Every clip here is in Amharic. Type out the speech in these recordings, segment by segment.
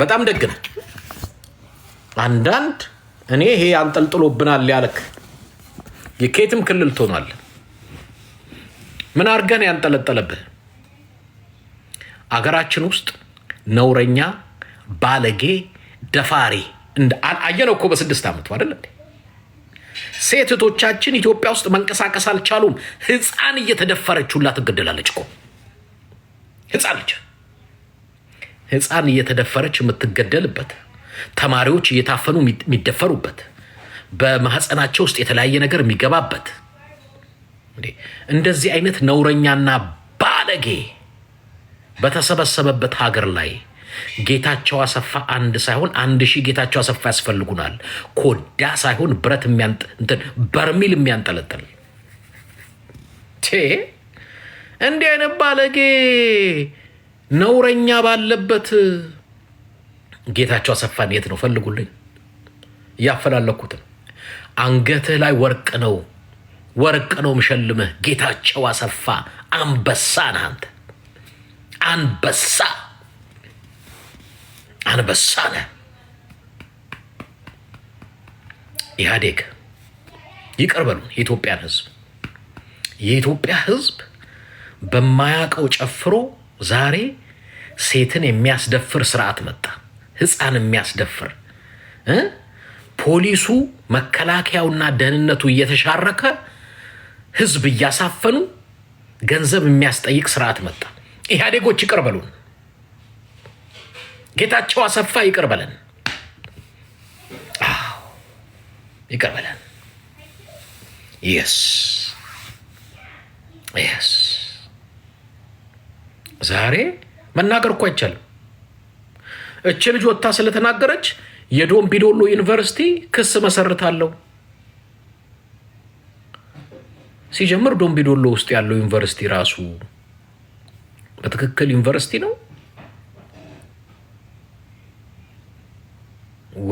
በጣም ደግ ነህ። አንዳንድ እኔ ይሄ አንጠልጥሎብናል ያልክ የኬትም ክልል ትሆናል። ምን አድርገን ያንጠለጠለብህ? አገራችን ውስጥ ነውረኛ፣ ባለጌ፣ ደፋሪ አየነው እኮ በስድስት ዓመቱ አደለ። ሴት እህቶቻችን ኢትዮጵያ ውስጥ መንቀሳቀስ አልቻሉም። ህፃን እየተደፈረች ሁላ ትገደላለች እኮ ህፃን ልጅ ህፃን እየተደፈረች የምትገደልበት፣ ተማሪዎች እየታፈኑ የሚደፈሩበት፣ በማህፀናቸው ውስጥ የተለያየ ነገር የሚገባበት እንደዚህ አይነት ነውረኛና ባለጌ በተሰበሰበበት ሀገር ላይ ጌታቸው አሰፋ አንድ ሳይሆን አንድ ሺህ ጌታቸው አሰፋ ያስፈልጉናል። ኮዳ ሳይሆን ብረት እንትን በርሚል የሚያንጠለጥል እንዲህ አይነት ባለጌ ነውረኛ ባለበት ጌታቸው አሰፋን የት ነው ፈልጉልኝ፣ እያፈላለኩት ነው። አንገትህ ላይ ወርቅ ነው ወርቅ ነው ምሸልምህ። ጌታቸው አሰፋ አንበሳ ነህ አንተ፣ አንበሳ አንበሳ ነህ። ኢህአዴግ ይቅር በሉን፣ የኢትዮጵያን ህዝብ የኢትዮጵያ ህዝብ በማያውቀው ጨፍሮ ዛሬ ሴትን የሚያስደፍር ስርዓት መጣ። ህፃን የሚያስደፍር ፖሊሱ፣ መከላከያውና ደህንነቱ እየተሻረከ ህዝብ እያሳፈኑ ገንዘብ የሚያስጠይቅ ስርዓት መጣ። ኢህአዴጎች ይቅር በሉን፣ ጌታቸው አሰፋ ይቅር በለን፣ ይቅር በለን። የስ የስ ዛሬ መናገር እኮ አይቻልም። እች ልጅ ወጥታ ስለተናገረች የዶምቢዶሎ ዩኒቨርሲቲ ክስ መሰርታለሁ። ሲጀምር ዶምቢዶሎ ውስጥ ያለው ዩኒቨርሲቲ ራሱ በትክክል ዩኒቨርሲቲ ነው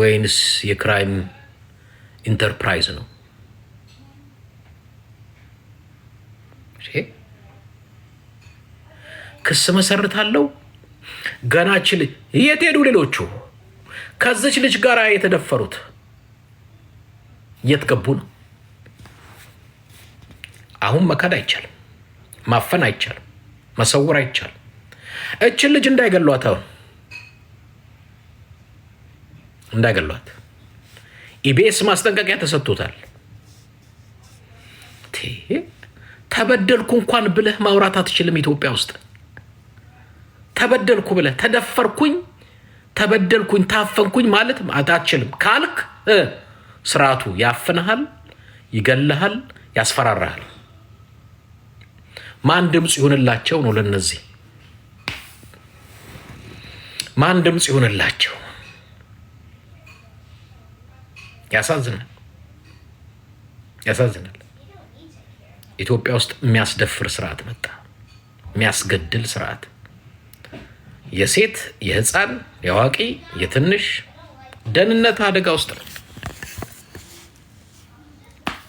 ወይንስ የክራይም ኢንተርፕራይዝ ነው? ክስ መሰርታለሁ። ገና ችል የት ሄዱ ሌሎቹ? ከዚች ልጅ ጋር የተደፈሩት የት ገቡ ነው? አሁን መካድ አይቻልም፣ ማፈን አይቻልም፣ መሰወር አይቻልም። እችን ልጅ እንዳይገሏት አሁን እንዳይገሏት ኢቢኤስ ማስጠንቀቂያ ተሰጥቶታል። ተበደልኩ እንኳን ብለህ ማውራት አትችልም ኢትዮጵያ ውስጥ ተበደልኩ ብለ ተደፈርኩኝ፣ ተበደልኩኝ፣ ታፈንኩኝ ማለት አትችልም ካልክ ስርዓቱ ያፍንሃል፣ ይገልሃል፣ ያስፈራራሃል። ማን ድምፅ ይሆንላቸው ነው? ለነዚህ ማን ድምፅ ይሆንላቸው? ያሳዝናል፣ ያሳዝናል። ኢትዮጵያ ውስጥ የሚያስደፍር ስርዓት መጣ፣ የሚያስገድል ስርዓት የሴት የህፃን የአዋቂ የትንሽ ደህንነት አደጋ ውስጥ ነው።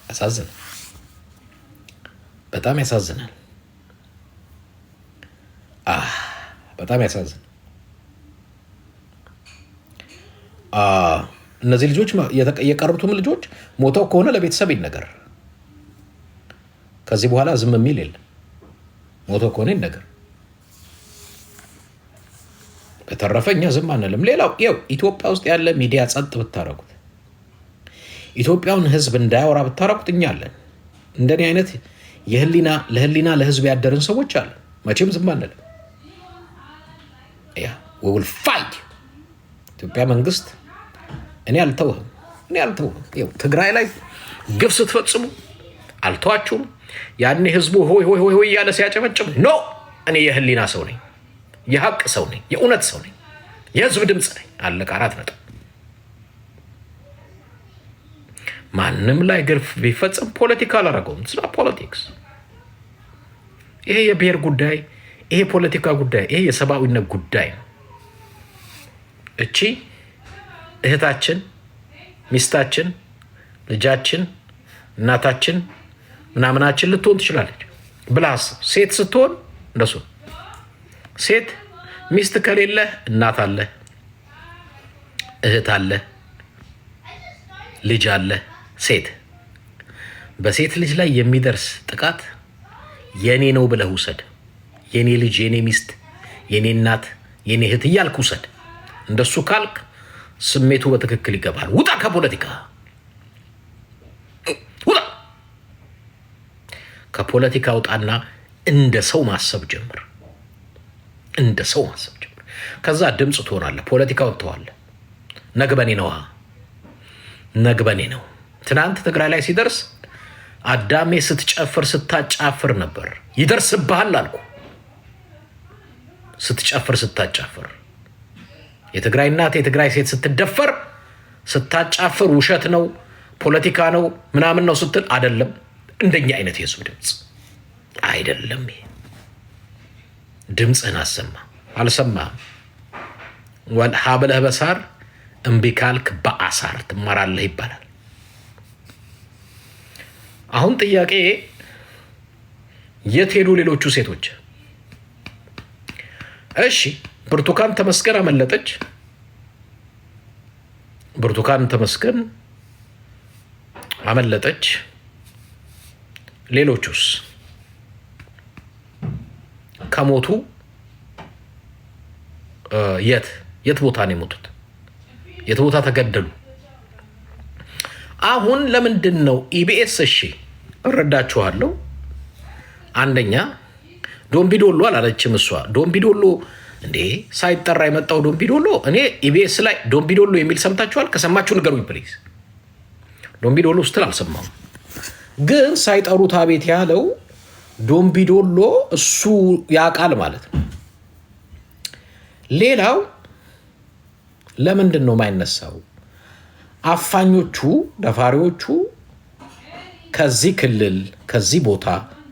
ያሳዝን በጣም ያሳዝናል። በጣም ያሳዝን እነዚህ ልጆች የቀሩትም ልጆች ሞተው ከሆነ ለቤተሰብ ይነገር። ከዚህ በኋላ ዝም የሚል የለም። ሞተው ከሆነ ይነገር። በተረፈ እኛ ዝም አንልም። ሌላው ው ኢትዮጵያ ውስጥ ያለ ሚዲያ ጸጥ ብታረጉት፣ ኢትዮጵያውን ህዝብ እንዳያወራ ብታረጉት፣ እኛ አለን። እንደኔ አይነት የህሊና ለህሊና ለህዝብ ያደርን ሰዎች አለ። መቼም ዝም አንልም። ያ ውል ፋይ ኢትዮጵያ መንግስት እኔ አልተውህም፣ እኔ አልተውህም። ትግራይ ላይ ግብ ስትፈጽሙ አልተዋችሁም። ያኔ ህዝቡ ሆይ ሆይ ሆይ እያለ ሲያጨበጭብ ኖ እኔ የህሊና ሰው ነኝ። የሀቅ ሰው ነኝ፣ የእውነት ሰው ነኝ፣ የህዝብ ድምፅ ነኝ። አለቀ። አራት ነጥብ። ማንም ላይ ግርፍ ቢፈጸም ፖለቲካ አላረገውም። ስለ ፖለቲክስ ይሄ የብሔር ጉዳይ፣ ይሄ የፖለቲካ ጉዳይ፣ ይሄ የሰብአዊነት ጉዳይ ነው። እቺ እህታችን፣ ሚስታችን፣ ልጃችን፣ እናታችን ምናምናችን ልትሆን ትችላለች ብላስ ሴት ስትሆን እንደሱ ሴት ሚስት ከሌለ እናት አለ፣ እህት አለ፣ ልጅ አለ ሴት በሴት ልጅ ላይ የሚደርስ ጥቃት የኔ ነው ብለህ ውሰድ። የኔ ልጅ፣ የኔ ሚስት፣ የኔ እናት፣ የኔ እህት እያልክ ውሰድ። እንደሱ ካልክ ስሜቱ በትክክል ይገባል። ውጣ ከፖለቲካ ውጣ፣ ከፖለቲካ ውጣና እንደ ሰው ማሰብ ጀምር። እንደ ሰው ማሰብ ጀምር። ከዛ ድምፅ ትሆናለህ። ፖለቲካ ወጥተዋለ። ነግበኔ ነው፣ ነግበኔ ነው። ትናንት ትግራይ ላይ ሲደርስ አዳሜ ስትጨፍር ስታጫፍር ነበር። ይደርስብሃል አልኩ። ስትጨፍር ስታጫፍር የትግራይ እናት የትግራይ ሴት ስትደፈር ስታጫፍር ውሸት ነው ፖለቲካ ነው ምናምን ነው ስትል አይደለም። እንደኛ አይነት የህዝብ ድምፅ አይደለም ይሄ ድምፅህን አሰማ። አልሰማህም። ሀብለህ በሳር እምቢ ካልክ በአሳር ትማራለህ ይባላል። አሁን ጥያቄ የት ሄዱ ሌሎቹ ሴቶች? እሺ ብርቱካን ተመስገን አመለጠች። ብርቱካን ተመስገን አመለጠች። ሌሎቹስ? ከሞቱ የት የት ቦታ ነው የሞቱት? የት ቦታ ተገደሉ? አሁን ለምንድን ነው ኢቢኤስ? እሺ እረዳችኋለሁ። አንደኛ ዶምቢዶሎ አላለችም እሷ። ዶምቢዶሎ እንዴ ሳይጠራ የመጣው ዶምቢዶሎ። እኔ ኢቢኤስ ላይ ዶምቢዶሎ የሚል ሰምታችኋል? ከሰማችሁ ንገሩኝ ፕሊዝ። ዶምቢዶሎ ስትል አልሰማሁም፣ ግን ሳይጠሩት አቤት ያለው ዶምቢዶሎ እሱ ያውቃል ማለት ነው። ሌላው ለምንድን ነው የማይነሳው? አፋኞቹ ደፋሪዎቹ ከዚህ ክልል ከዚህ ቦታ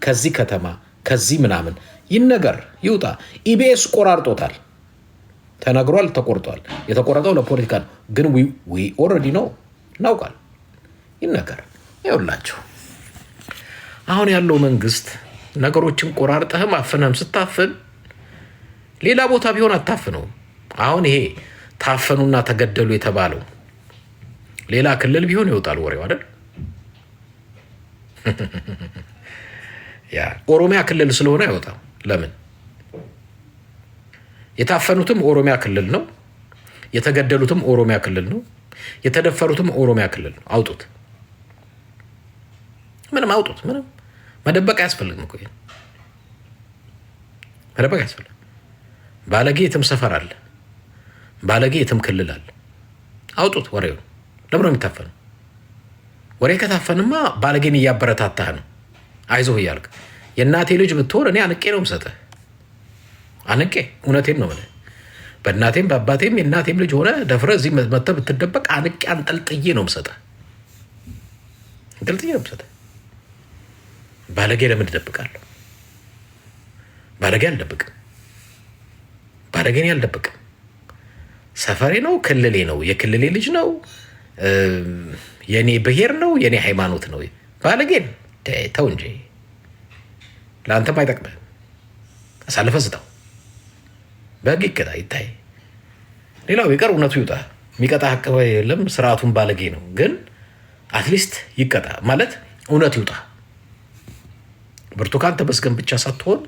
ከዚህ ከተማ ከዚህ ምናምን ይነገር ይውጣ። ኢቢኤስ ቆራርጦታል። ተነግሯል፣ ተቆርጧል። የተቆረጠው ለፖለቲካ ነው። ግን ዊ ኦልሬዲ ነው እናውቃል። ይነገር ይውላቸው አሁን ያለው መንግስት ነገሮችን ቆራርጠህም አፍነህም ስታፍን ሌላ ቦታ ቢሆን አታፍነውም። አሁን ይሄ ታፈኑና ተገደሉ የተባለው ሌላ ክልል ቢሆን ይወጣል ወሬው አይደል? ያ ኦሮሚያ ክልል ስለሆነ አይወጣም። ለምን? የታፈኑትም ኦሮሚያ ክልል ነው፣ የተገደሉትም ኦሮሚያ ክልል ነው፣ የተደፈሩትም ኦሮሚያ ክልል ነው። አውጡት፣ ምንም አውጡት፣ ምንም መደበቅ አያስፈልግም እኮ መደበቅ አያስፈልግም። ባለጌ የትም ሰፈር አለ፣ ባለጌ የትም ክልል አለ። አውጡት ወሬውን። ለምን ነው የሚታፈነው? ወሬ ከታፈንማ ባለጌን እያበረታታህ ነው። አይዞህ እያልክ የእናቴ ልጅ ብትሆን እኔ አንቄ ነው ምሰጠህ አንቄ እውነቴን ነው የምልህ። በእናቴም በአባቴም የእናቴም ልጅ ሆነ ደፍረህ እዚህ መተህ ብትደበቅ አንቄ አንጠልጥዬ ነው የምሰጥህ። አንጠልጥዬ ነው የምሰጥህ። ባለጌ ለምን እደብቃለሁ? ባለጌ አልደብቅም። ባለጌን አልደብቅም። ሰፈሬ ነው፣ ክልሌ ነው፣ የክልሌ ልጅ ነው፣ የእኔ ብሔር ነው፣ የእኔ ሃይማኖት ነው። ባለጌን ተው እንጂ ለአንተም አይጠቅምህም። አሳልፈ ስጠው፣ በህግ ይቀጣ፣ ይታይ። ሌላው ይቀር፣ እውነቱ ይውጣ። የሚቀጣ አካባቢ የለም፣ ስርዓቱን ባለጌ ነው። ግን አትሊስት ይቀጣ ማለት እውነት ይውጣ። ብርቱካን ተመስገን ብቻ ሳትሆን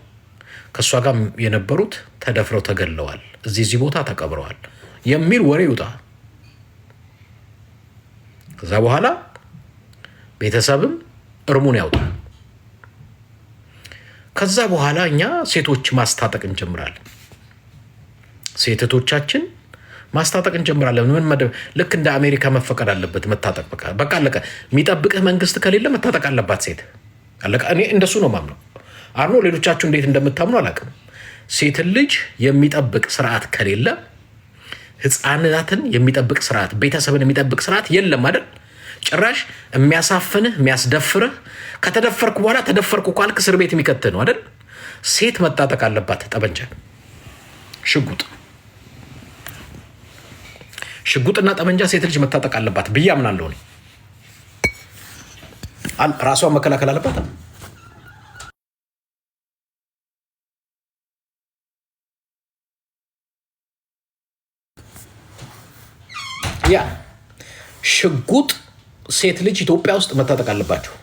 ከእሷ ጋር የነበሩት ተደፍረው ተገለዋል፣ እዚህ እዚህ ቦታ ተቀብረዋል የሚል ወሬ ይውጣ። ከዛ በኋላ ቤተሰብም እርሙን ያውጣ። ከዛ በኋላ እኛ ሴቶች ማስታጠቅ እንጀምራለን። ሴት ማስታጠቅ እንጀምራለን። ምን መደብ ልክ እንደ አሜሪካ መፈቀድ አለበት መታጠቅ። በቃ አለቀ። የሚጠብቅህ መንግስት ከሌለ መታጠቅ አለባት ሴት አለቃ እኔ እንደሱ ነው ማምነው። አርኖ ሌሎቻችሁ እንዴት እንደምታምኑ አላውቅም። ሴትን ልጅ የሚጠብቅ ስርዓት ከሌለ ህፃናትን የሚጠብቅ ስርዓት፣ ቤተሰብን የሚጠብቅ ስርዓት የለም አይደል? ጭራሽ የሚያሳፍንህ የሚያስደፍርህ፣ ከተደፈርኩ በኋላ ተደፈርኩ ካልክ እስር ቤት የሚከትህ ነው አይደል? ሴት መታጠቅ አለባት ጠመንጃ፣ ሽጉጥ ሽጉጥና ጠመንጃ ሴት ልጅ መታጠቅ አለባት ብዬ አምናለሁ እኔ። ራሷን መከላከል አለባት። ያ ሽጉጥ ሴት ልጅ ኢትዮጵያ ውስጥ መታጠቅ አለባችሁ፣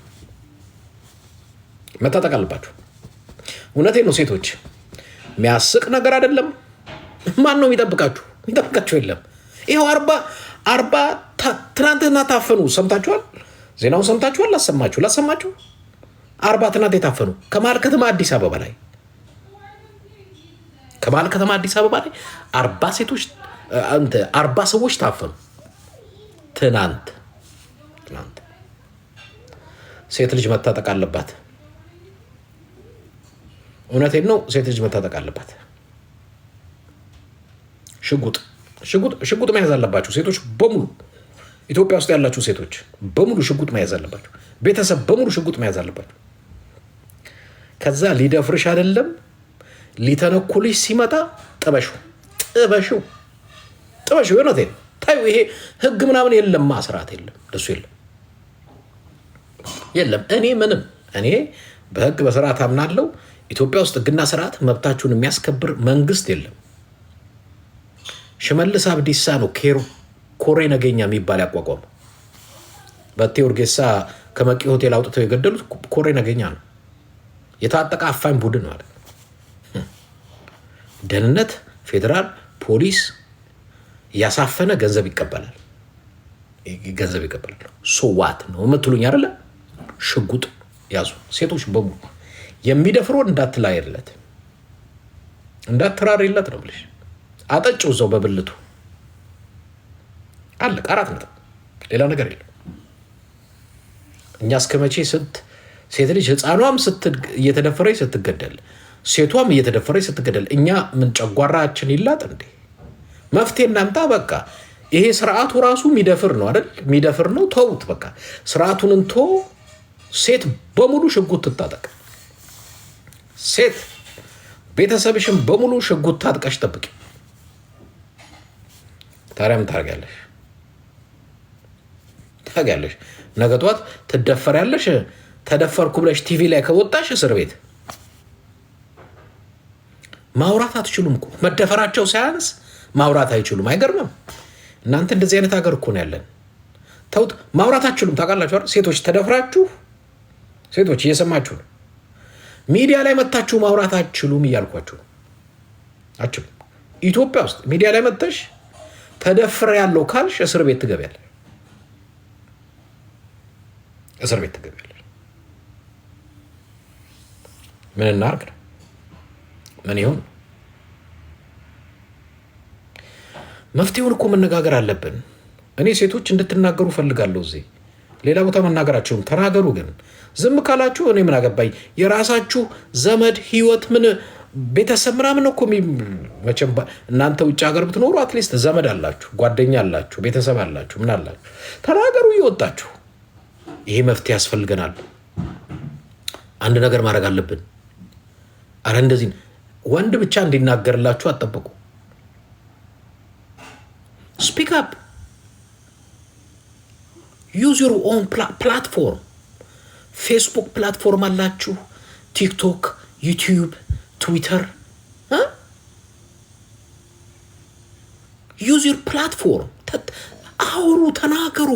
መታጠቅ አለባችሁ። እውነቴ ነው። ሴቶች የሚያስቅ ነገር አይደለም። ማን ነው የሚጠብቃችሁ? የሚጠብቃችሁ የለም። ይኸው አርባ አርባ ትናንትና ታፈኑ ሰምታችኋል። ዜናውን ሰምታችሁ አላሰማችሁ ላሰማችሁ አርባ ትናንት የታፈኑ ከመሀል ከተማ አዲስ አበባ ላይ ከመሀል ከተማ አዲስ አበባ ላይ አርባ ሴቶች አርባ ሰዎች ታፈኑ ትናንት ትናንት ሴት ልጅ መታጠቅ አለባት እውነቴን ነው ሴት ልጅ መታጠቅ አለባት ሽጉጥ ሽጉጥ መያዝ አለባቸው ሴቶች በሙሉ ኢትዮጵያ ውስጥ ያላችሁ ሴቶች በሙሉ ሽጉጥ መያዝ አለባቸው። ቤተሰብ በሙሉ ሽጉጥ መያዝ አለባቸው። ከዛ ሊደፍርሽ አይደለም ሊተነኩልሽ ሲመጣ ጥበሹ ጥበሹ ጥበሹ። የእውነቴን ታዩ። ይሄ ህግ ምናምን የለም ማስራት የለም ለሱ የለም የለም። እኔ ምንም እኔ በህግ በስርዓት አምናለው። ኢትዮጵያ ውስጥ ህግና ስርዓት መብታችሁን የሚያስከብር መንግስት የለም። ሽመልስ አብዲሳ ነው ኬሩ ኮሬ ነገኛ የሚባል ያቋቋሙ በቴ ኡርጌሳ ከመቂ ሆቴል አውጥተው የገደሉት ኮሬ ነገኛ ነው። የታጠቀ አፋኝ ቡድን ማለት ደህንነት፣ ፌዴራል ፖሊስ እያሳፈነ ገንዘብ ይቀበላል ገንዘብ ይቀበላል። ሶዋት ነው የምትሉኝ አይደለ? ሽጉጥ ያዙ ሴቶች በሙሉ የሚደፍሮ እንዳትላይለት እንዳትራሪለት ነው ብለሽ አጠጭው እዛው በብልቱ አለቀ። አራት ነጥብ፣ ሌላ ነገር የለም። እኛ እስከ መቼ ስንት ሴት ልጅ ህፃኗም እየተደፈረች ስትገደል፣ ሴቷም እየተደፈረች ስትገደል፣ እኛ ምን ጨጓራችን ይላጥ እንዴ? መፍትሄ እናምጣ በቃ። ይሄ ስርዓቱ ራሱ የሚደፍር ነው አይደል? የሚደፍር ነው። ተውት በቃ ስርዓቱን እንቶ ሴት በሙሉ ሽጉጥ ትታጠቅ። ሴት ቤተሰብሽን በሙሉ ሽጉጥ ታጥቀሽ ጠብቂ። ታዲያ ምን ታደርጊያለሽ? ታውቂያለሽ። ነገ ጠዋት ትደፈሪያለሽ። ተደፈርኩ ብለሽ ቲቪ ላይ ከወጣሽ እስር ቤት ማውራት አትችሉም እኮ መደፈራቸው ሳያንስ ማውራት አይችሉም። አይገርምም? እናንተ እንደዚህ አይነት ሀገር እኮ ነው ያለን። ተውት፣ ማውራት አትችሉም። ታውቃላችሁ አይደል? ሴቶች ተደፍራችሁ፣ ሴቶች እየሰማችሁ ነው። ሚዲያ ላይ መታችሁ ማውራት አትችሉም እያልኳችሁ ነው። አችሉም። ኢትዮጵያ ውስጥ ሚዲያ ላይ መጥተሽ ተደፍሬያለሁ ካልሽ እስር ቤት ትገቢያለሽ። እስር ቤት ትገቢያለሽ። ምን እናርግ ምን ይሁን? መፍትሄውን እኮ መነጋገር አለብን። እኔ ሴቶች እንድትናገሩ ፈልጋለሁ። እዚህ ሌላ ቦታ መናገራችሁም ተናገሩ። ግን ዝም ካላችሁ እኔ ምን አገባኝ? የራሳችሁ ዘመድ ህይወት፣ ምን ቤተሰብ ምናምን እኮ መቼም እናንተ ውጭ ሀገር ብትኖሩ አትሊስት ዘመድ አላችሁ፣ ጓደኛ አላችሁ፣ ቤተሰብ አላችሁ፣ ምን አላችሁ። ተናገሩ እየወጣችሁ ይሄ መፍትሄ ያስፈልገናል። አንድ ነገር ማድረግ አለብን። አረ እንደዚህ ወንድ ብቻ እንዲናገርላችሁ አጠበቁ። ስፒክ አፕ ዩዝ ዩር ኦን ፕላትፎርም። ፌስቡክ ፕላትፎርም አላችሁ፣ ቲክቶክ፣ ዩቲዩብ፣ ትዊተር ዩዝ ዩር ፕላትፎርም። አውሩ፣ ተናገሩ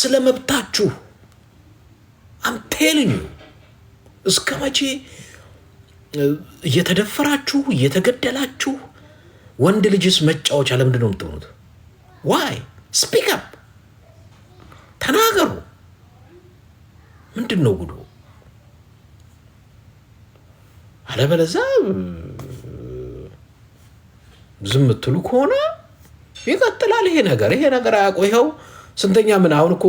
ስለ መብታችሁ። ቴልኝ እስከ መቼ እየተደፈራችሁ እየተገደላችሁ ወንድ ልጅስ መጫወቻ ለምንድን ነው የምትሆኑት? ዋይ ስፒክ አፕ ተናገሩ። ምንድን ነው ጉዱ? አለበለዛ ዝም ትሉ ከሆነ ይቀጥላል ይሄ ነገር ይሄ ነገር አያቆ ይኸው ስንተኛ ምን አሁን እኮ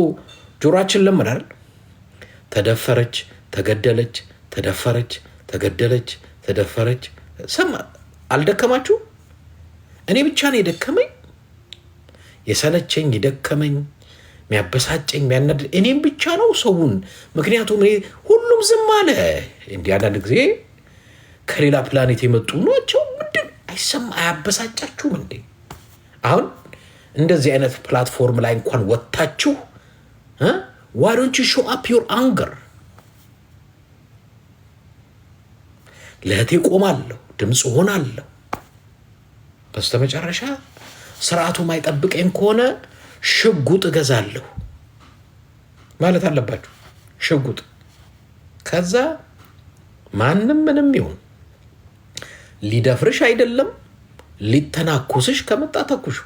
ጆሮችን ለምን አይደል ተደፈረች፣ ተገደለች፣ ተደፈረች፣ ተገደለች፣ ተደፈረች። ሰማ አልደከማችሁ? እኔ ብቻ ነው የደከመኝ የሰለቸኝ የደከመኝ የሚያበሳጨኝ የሚያናድድ እኔም ብቻ ነው ሰውን። ምክንያቱም እኔ ሁሉም ዝም አለ። እንዲህ አንዳንድ ጊዜ ከሌላ ፕላኔት የመጡ ናቸው። ምንድን አይሰማ አያበሳጫችሁም እንዴ? አሁን እንደዚህ አይነት ፕላትፎርም ላይ እንኳን ወጥታችሁ ዋይ ዶንት ዩ ሾ አፕ ዮር አንገር? ለእህቴ ቆማለሁ፣ ድምፅ ሆናለሁ። በስተመጨረሻ ስርዓቱ ማይጠብቀኝ ከሆነ ሽጉጥ እገዛለሁ ማለት አለባችሁ። ሽጉጥ ከዛ ማንም ምንም ይሁን ሊደፍርሽ አይደለም ሊተናኩስሽ ከመጣ ተኩሽ።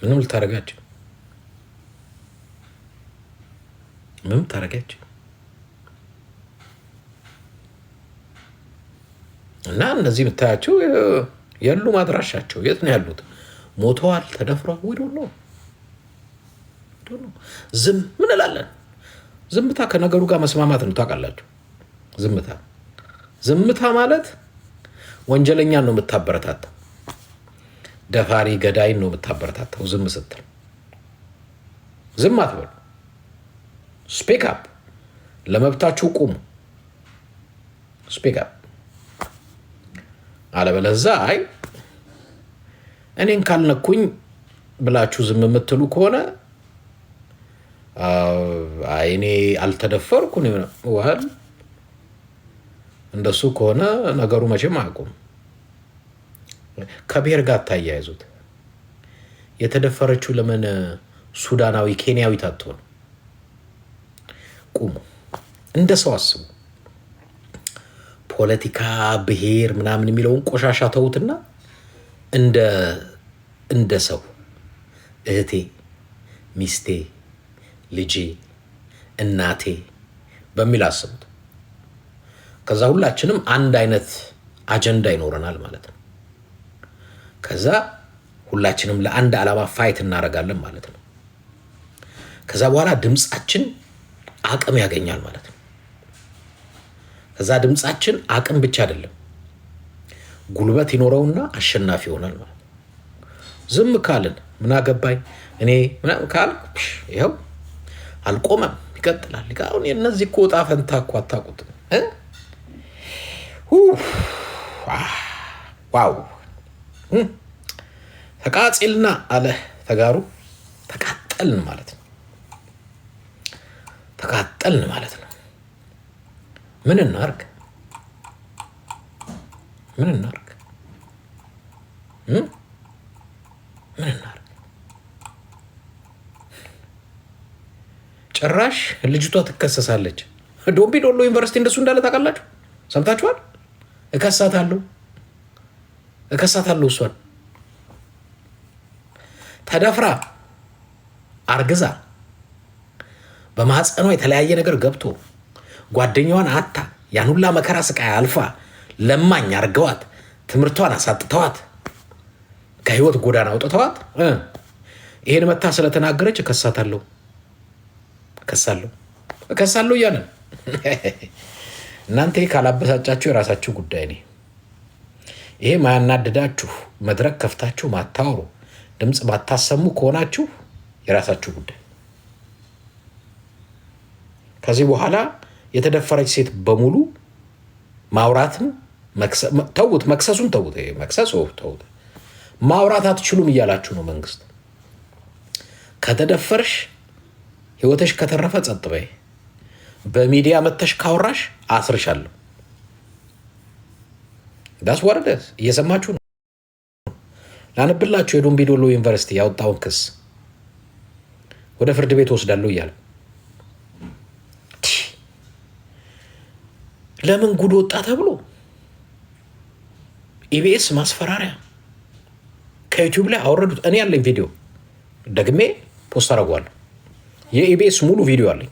ምንም ልታደርጋችሁ ምንም ታረጋች እና እነዚህ የምታያቸው የሉ ማድራሻቸው የት ነው ያሉት? ሞተዋል፣ ተደፍረዋል። ወይ ነው ዝም ምን እላለን? ዝምታ ከነገሩ ጋር መስማማት ነው። ታውቃላችሁ፣ ዝምታ ዝምታ ማለት ወንጀለኛን ነው የምታበረታተው ደፋሪ ገዳይን ነው የምታበረታታው። ዝም ስትል ዝም አትበሉ። ስፔክ አፕ፣ ለመብታችሁ ቁሙ። ስፔክ አፕ። አለበለዛ አይ እኔን ካልነኩኝ ብላችሁ ዝም የምትሉ ከሆነ አይኔ አልተደፈርኩ እንደሱ ከሆነ ነገሩ መቼም አያውቁም። ከብሔር ጋር ታያይዙት። የተደፈረችው ለምን ሱዳናዊ ኬንያዊት አትሆን? ቁሙ፣ እንደ ሰው አስቡ። ፖለቲካ፣ ብሔር ምናምን የሚለውን ቆሻሻ ተዉትና እንደ እንደ ሰው እህቴ፣ ሚስቴ፣ ልጄ፣ እናቴ በሚል አስቡት። ከዛ ሁላችንም አንድ አይነት አጀንዳ ይኖረናል ማለት ነው። ከዛ ሁላችንም ለአንድ ዓላማ ፋይት እናደርጋለን ማለት ነው። ከዛ በኋላ ድምፃችን አቅም ያገኛል ማለት ነው። ከዛ ድምፃችን አቅም ብቻ አይደለም ጉልበት ይኖረውና አሸናፊ ይሆናል ማለት ነው። ዝም ካልን ምን አገባኝ እኔ ካል ይኸው አልቆመም፣ ይቀጥላል። አሁን እነዚህ እኮ ዕጣ ፈንታ እኮ አታውቁትም። ዋው ተቃጺልና አለ ተጋሩ ተቃጠልን ማለት ነው። ተቃጠልን ማለት ነው። ምን እናርግ? ምን እናርግ? ምን እናርግ? ጭራሽ ልጅቷ ትከሰሳለች። ዶምቢ ዶሎ ዩኒቨርሲቲ እንደሱ እንዳለ ታውቃላችሁ፣ ሰምታችኋል። እከሳታለሁ እከሳታለሁ እሷን ተደፍራ አርግዛ በማህፀኗ የተለያየ ነገር ገብቶ ጓደኛዋን አታ ያን ሁላ መከራ ስቃይ አልፋ ለማኝ አርገዋት ትምህርቷን አሳጥተዋት ከህይወት ጎዳና አውጥተዋት ይሄን መታ ስለተናገረች እከሳታለሁ እከሳለሁ እከሳለሁ እያለን እናንተ ካላበሳጫችሁ የራሳችሁ ጉዳይ ኔ ይሄ ማያናድዳችሁ መድረክ ከፍታችሁ ማታወሩ ድምፅ ማታሰሙ ከሆናችሁ የራሳችሁ ጉዳይ ከዚህ በኋላ የተደፈረች ሴት በሙሉ ማውራትም ተውት፣ መክሰሱን ተውት፣ መክሰስ ተውት፣ ማውራት አትችሉም እያላችሁ ነው መንግስት። ከተደፈርሽ ህይወተሽ ከተረፈ ጸጥ በይ። በሚዲያ መተሽ ካወራሽ አስርሻለሁ። ዳስ ወረደስ እየሰማችሁ ነው። ላነብላችሁ የዶምቢዶሎ ዩኒቨርሲቲ ያወጣውን ክስ ወደ ፍርድ ቤት ወስዳለሁ እያለ ለምን ጉድ ወጣ ተብሎ ኢቢኤስ ማስፈራሪያ ከዩቲዩብ ላይ አወረዱት። እኔ ያለኝ ቪዲዮ ደግሜ ፖስት አደርገዋለሁ። የኢቢኤስ ሙሉ ቪዲዮ አለኝ፣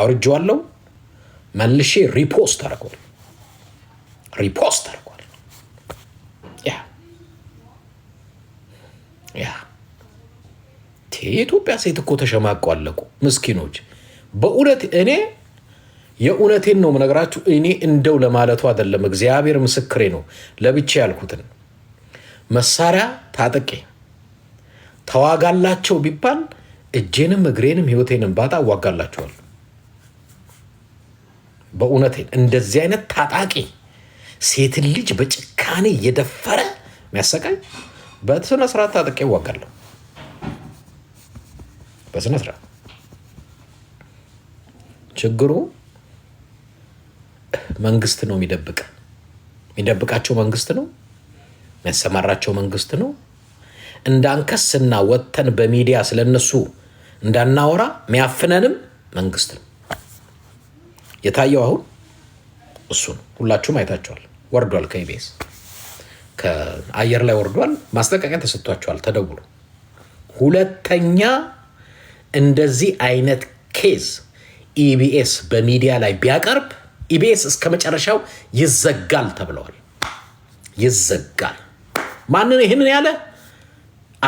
አውርጄዋለሁ። መልሼ ሪፖስት አደርገዋለሁ። ሪፖስት ያ የኢትዮጵያ ሴት እኮ ተሸማቀዋል አለቁ ምስኪኖች በእውነት እኔ የእውነቴን ነው ምነገራችሁ እኔ እንደው ለማለቱ አይደለም፣ እግዚአብሔር ምስክሬ ነው። ለብቻ ያልኩትን መሳሪያ ታጥቄ ተዋጋላቸው ቢባል እጄንም እግሬንም ህይወቴንም ባጣ እዋጋላቸዋል በእውነቴን እንደዚህ አይነት ታጣቂ ሴትን ልጅ በጭካኔ እየደፈረ የሚያሰቃይ በስነ ስርዓት ታጥቄ እዋጋለሁ። በስነ ስርዓት ችግሩ መንግስት ነው የሚደብቅ የሚደብቃቸው መንግስት ነው የሚያሰማራቸው መንግስት ነው። እንዳንከስና ወጥተን በሚዲያ ስለነሱ እንዳናወራ የሚያፍነንም መንግስት ነው። የታየው አሁን እሱ ነው። ሁላችሁም አይታችኋል። ወርዷል፣ ከኢቢኤስ ከአየር ላይ ወርዷል። ማስጠንቀቂያ ተሰጥቷቸዋል ተደውሎ። ሁለተኛ እንደዚህ አይነት ኬዝ ኢቢኤስ በሚዲያ ላይ ቢያቀርብ ኢቢኤስ እስከ መጨረሻው ይዘጋል ተብለዋል። ይዘጋል። ማንን ይህንን ያለ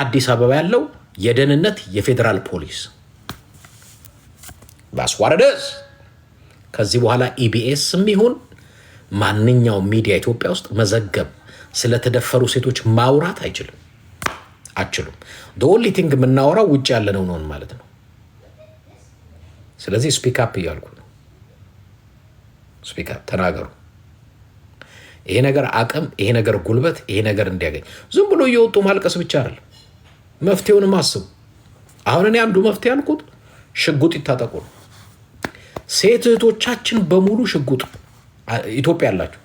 አዲስ አበባ ያለው የደህንነት የፌዴራል ፖሊስ ባስዋረደስ ከዚህ በኋላ ኢቢኤስም ይሁን ማንኛውም ሚዲያ ኢትዮጵያ ውስጥ መዘገብ ስለተደፈሩ ሴቶች ማውራት አይችልም አችሉም። ኦንሊ ቲንግ የምናወራው ውጭ ያለነው ነውን ማለት ነው። ስለዚህ ስፒክ አፕ እያልኩ ነው። ስፒከር ተናገሩ። ይሄ ነገር አቅም፣ ይሄ ነገር ጉልበት፣ ይሄ ነገር እንዲያገኝ ዝም ብሎ እየወጡ ማልቀስ ብቻ አይደለም። መፍትሄውንም አስቡ። አሁን እኔ አንዱ መፍትሄ ያልኩት ሽጉጥ ይታጠቁ ነው። ሴት እህቶቻችን በሙሉ ሽጉጥ ኢትዮጵያ ያላችሁ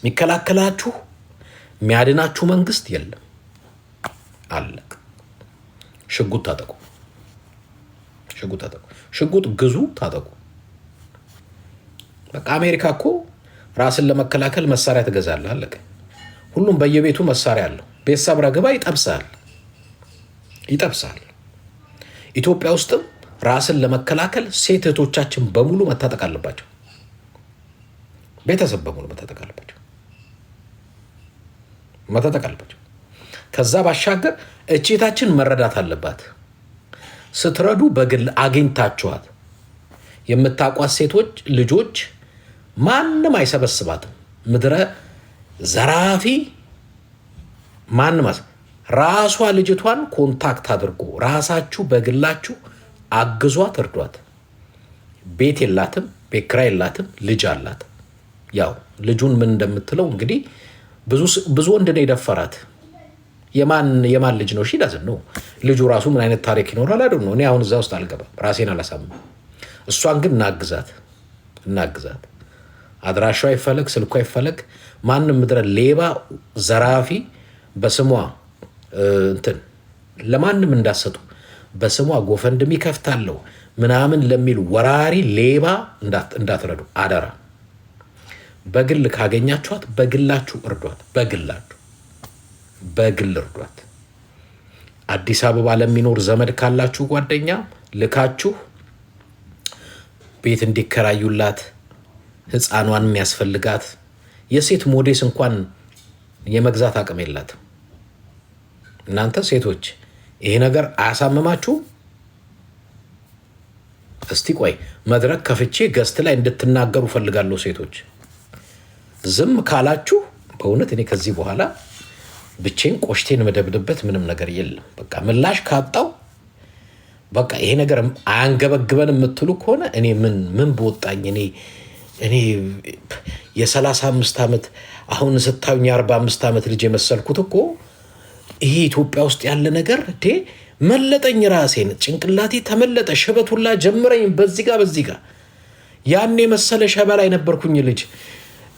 የሚከላከላችሁ የሚያድናችሁ መንግስት የለም አለ። ሽጉጥ ታጠቁ፣ ሽጉጥ ታጠቁ፣ ሽጉጥ ግዙ፣ ታጠቁ። በቃ አሜሪካ እኮ ራስን ለመከላከል መሳሪያ ትገዛለህ። አለቀ። ሁሉም በየቤቱ መሳሪያ አለው። ቤት ሰብረህ ግባ፣ ይጠብሳል ይጠብሳል። ኢትዮጵያ ውስጥም ራስን ለመከላከል ሴት እህቶቻችን በሙሉ መታጠቅ አለባቸው። ቤተሰብ በሙሉ መታጠቅ አለባቸው መታጠቅ አለባቸው። ከዛ ባሻገር እቼታችን መረዳት አለባት። ስትረዱ በግል አግኝታችኋት የምታውቋት ሴቶች ልጆች ማንም አይሰበስባትም። ምድረ ዘራፊ ማንም ራሷ ልጅቷን ኮንታክት አድርጎ ራሳችሁ በግላችሁ አግዟት፣ እርዷት። ቤት የላትም፣ ቤት ኪራይ የላትም፣ ልጅ አላት። ያው ልጁን ምን እንደምትለው እንግዲህ ብዙ ወንድ ነው የደፈራት። የማን የማን ልጅ ነው? ሺዳዝ ነው ልጁ ራሱ ምን አይነት ታሪክ ይኖራል? አይደ ነው። እኔ አሁን እዛ ውስጥ አልገባም፣ ራሴን አላሳምም። እሷን ግን እናግዛት እናግዛት አድራሻው አይፈለግ፣ ስልኩ አይፈለግ። ማንም ምድረ ሌባ ዘራፊ በስሟ እንትን ለማንም እንዳሰጡ በስሟ ጎፈንድም ይከፍታለሁ ምናምን ለሚል ወራሪ ሌባ እንዳትረዱ አደራ። በግል ካገኛችኋት በግላችሁ እርዷት። በግላችሁ በግል እርዷት። አዲስ አበባ ለሚኖር ዘመድ ካላችሁ ጓደኛ ልካችሁ ቤት እንዲከራዩላት ህፃኗን የሚያስፈልጋት የሴት ሞዴስ እንኳን የመግዛት አቅም የላት እናንተ ሴቶች ይሄ ነገር አያሳምማችሁ? እስቲ ቆይ መድረክ ከፍቼ ገስት ላይ እንድትናገሩ ፈልጋለሁ። ሴቶች ዝም ካላችሁ በእውነት እኔ ከዚህ በኋላ ብቼን ቆሽቴን መደብድበት ምንም ነገር የለም። በቃ ምላሽ ካጣው በቃ ይሄ ነገር አያንገበግበን የምትሉ ከሆነ እኔ ምን ምን በወጣኝ እኔ እኔ የሰላሳ አምስት ዓመት አሁን ስታዩኝ የአርባ አምስት ዓመት ልጅ የመሰልኩት እኮ ይሄ ኢትዮጵያ ውስጥ ያለ ነገር ዴ መለጠኝ፣ ራሴን ጭንቅላቴ ተመለጠ፣ ሸበቱላ ጀምረኝ በዚህ ጋ በዚህ ጋ ያን የመሰለ ሸበላ የነበርኩኝ ልጅ።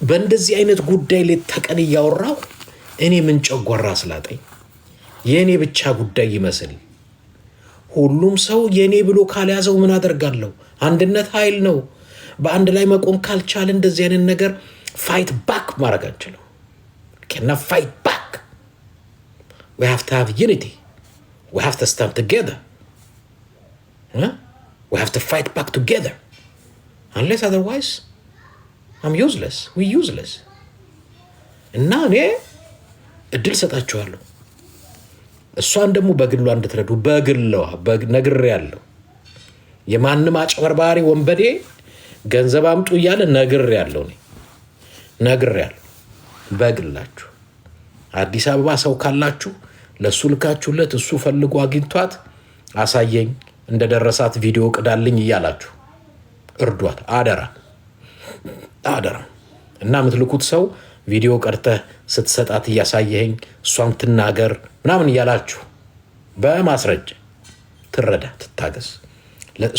በእንደዚህ አይነት ጉዳይ ሌት ተቀን እያወራሁ እኔ ምን ጨጓራ ስላጠኝ የእኔ ብቻ ጉዳይ ይመስል ሁሉም ሰው የእኔ ብሎ ካልያዘው ምን አደርጋለሁ? አንድነት ኃይል ነው። በአንድ ላይ መቆም ካልቻለ እንደዚህ አይነት ነገር ፋይት ባክ ማድረግ አንችልም። ከና ፋይት ባክ ዊ ሃቭ ቱ ሃቭ ዩኒቲ ዊ ሃቭ ቱ ስታንድ ቱጌዘር ዊ ሃቭ ቱ ፋይት ባክ ቱጌዘር አንሌስ አዘርዋይዝ አም ዩዝለስ ዊ ዩዝለስ እና እኔ እድል ሰጣችኋለሁ። እሷን ደግሞ በግሏ እንድትረዱ በግለዋ ነግሬያለሁ። የማንም አጭበርባሪ ወንበዴ ገንዘብ አምጡ እያለ ነግር ያለው ነግር ያለው በግላችሁ አዲስ አበባ ሰው ካላችሁ ለእሱ ልካችሁለት እሱ ፈልጎ አግኝቷት አሳየኝ እንደደረሳት ቪዲዮ ቅዳልኝ እያላችሁ እርዷት። አደራ አደራ። እና የምትልኩት ሰው ቪዲዮ ቀርተህ ስትሰጣት እያሳየኝ እሷም ትናገር ምናምን እያላችሁ በማስረጃ ትረዳ፣ ትታገስ።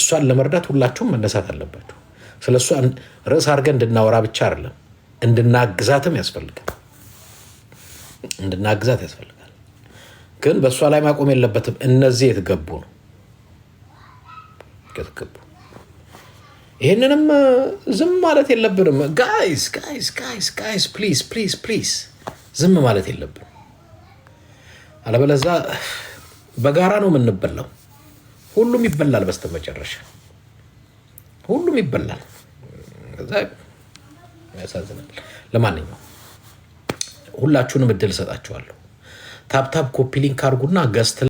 እሷን ለመርዳት ሁላችሁም መነሳት አለባችሁ። ስለ እሷ ርዕስ አድርገን እንድናወራ ብቻ አይደለም፣ እንድናግዛትም ያስፈልጋል። እንድናግዛት ያስፈልጋል። ግን በእሷ ላይ ማቆም የለበትም። እነዚህ የተገቡ ነው የተገቡ ይህንንም ዝም ማለት የለብንም። ጋይስ ጋይስ ጋይስ ጋይስ ፕሊዝ ፕሊዝ ፕሊዝ ዝም ማለት የለብንም። አለበለዛ በጋራ ነው የምንበላው። ሁሉም ይበላል። በስተመጨረሻ ሁሉም ይበላል። ከዛ ያሳዝናል። ለማንኛውም ሁላችሁንም እድል እሰጣችኋለሁ። ታፕታፕ ኮፒ ሊንክ አድርጉና ገስት